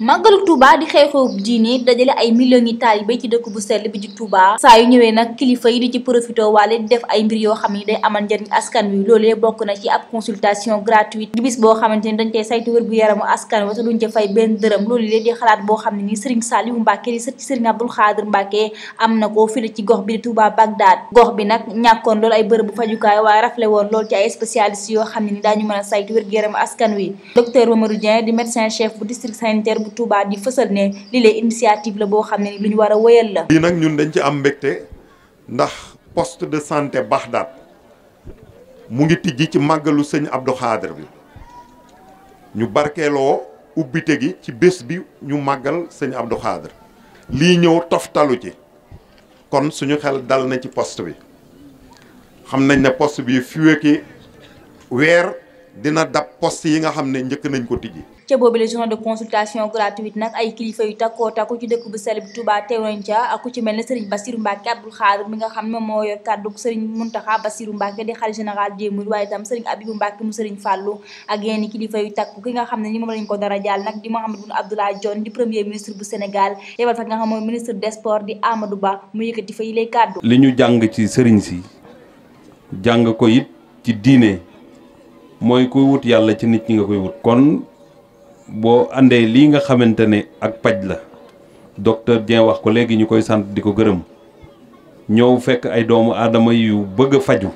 màggaluk Touba di xew-xew diine dajale ay millions yi ci dëkk bu sell bi di Touba saa yu ñëwee nag kilifa yi di ci profité waale di def ay mbir yoo xam ni day amal njariñ askan wi loolee bokk na ci ab consultation gratuite di bis boo xamante ni dañ cey saytu wér-gu-yaramu askan wi te duñ ca fay benn dërëm loolu lee di xalaat boo xam ne ni Serigne Saliou Mbacke di sët ci Serigne Abdoul Khadir Mbacke am na ko fii ci gox bi di Touba Bagdad gox bi nag ñàkkoon loolu ay bërëb bu fajukaay waaye rafle woon loolu ci ay spécialistes yoo xam ne ni daañu mën a saytu wér-gu-yaramu askan wi docteur Mamadou tubaab Touba di fësal ne li lay initiative la boo xam ne liñu ñu war a wéyal la. lii nag ñun dañ ci am mbégte ndax poste de santé Baxdaat mu ngi tijji ci màggalu sëñ Abdou Khadre bi ñu barkeeloo ubbite gi ci bés bi ñu màggal sëñ Abdou Khadre lii ñëw toftalu ci kon suñu xel dal na ci post bi xam nañ ne post bi fii ki weer. dina dab poste yi nga xam ne njëkk nañ ko tijji. ca boobu la journée de consultation gratuite nag ay kilifa yu takkoo takku ci dëkk bu sell bi Touba teewoon ca ak ku ci mel ne Serigne Bassirou Mbacke Abdoul Khadr mi nga xam ne moo yor kàddu Serigne Mountakha Bassirou Mbacke di xalifa général waaye itam Serigne Abibou Mbacke mu Serigne Fallou ak yenn kilifa yu takk ki nga xam ne ni moom lañ ko dara jaal nag di Mahammed Boun Abdallah Dionne di premier ministre bu Sénégal yebal fa nga xam mooy ministre des di Amadou Ba mu yëkkati fa yi lay kàddu. li ñu jàng ci Serigne si jàng ko it ci diine mooy kuy wut yàlla ci nit ñi nga koy wut kon boo àndee lii nga xamante ne ak paj la docteur Dieng wax ko léegi ñu koy sant di ko gërëm ñëw fekk ay doomu aadama yu bëgg a faju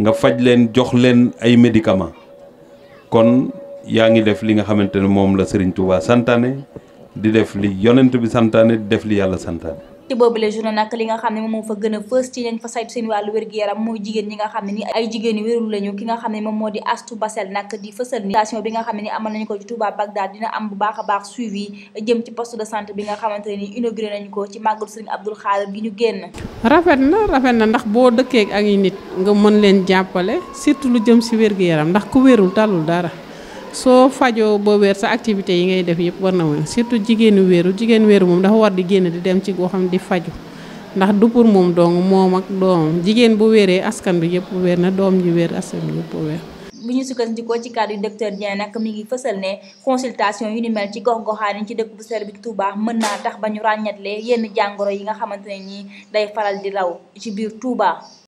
nga faj leen jox leen ay médicament kon yaa ngi def li nga xamante ne moom la Serigne waa santaane di def li yonent bi santaane di def li yàlla santaane ci boobule journée nag li nga xam ne moom moo fa gën a fës ci ñañ fa saytu seen wàllu wér-gu-yaram mooy jigéen ñi nga xam ne ni ay jigéen yu wérul lañu ki nga xam ne moom moo di astu basel nag di fësal ni station bi nga xam ne ni amal nañu ko ci Touba Bagdad dina am bu baax a baax suivi jëm ci poste de santé bi nga xamante ne ni inauguré nañu ko ci màggal Serigne Abdoul Khadr gi ñu génn rafet na rafet na ndax boo dëkkee a ay nit nga mën leen jàppale surtout lu jëm si wér-gu-yaram ndax ku wérul talul dara soo fajoo boo wér sa activité yi ngay def yëpp war na mën surtout jigéenu weeru jigéen weeru moom dafa war di génn di dem ci goo xam di faju ndax du pour moom dong moom ak doom jigéen bu wéree askan bi yëpp wér na doom ji wér askan bi yëpp wér bu ñu sukkandikoo ci kàddu yi docteur Dieng nag mi ngi fësal ne consultation yu ni mel ci gox-goxaan yi ci dëkk bu sell bi Touba mën naa tax ba ñu ràññatle yenn jàngoro yi nga xamante ne nii day faral di law ci biir Touba.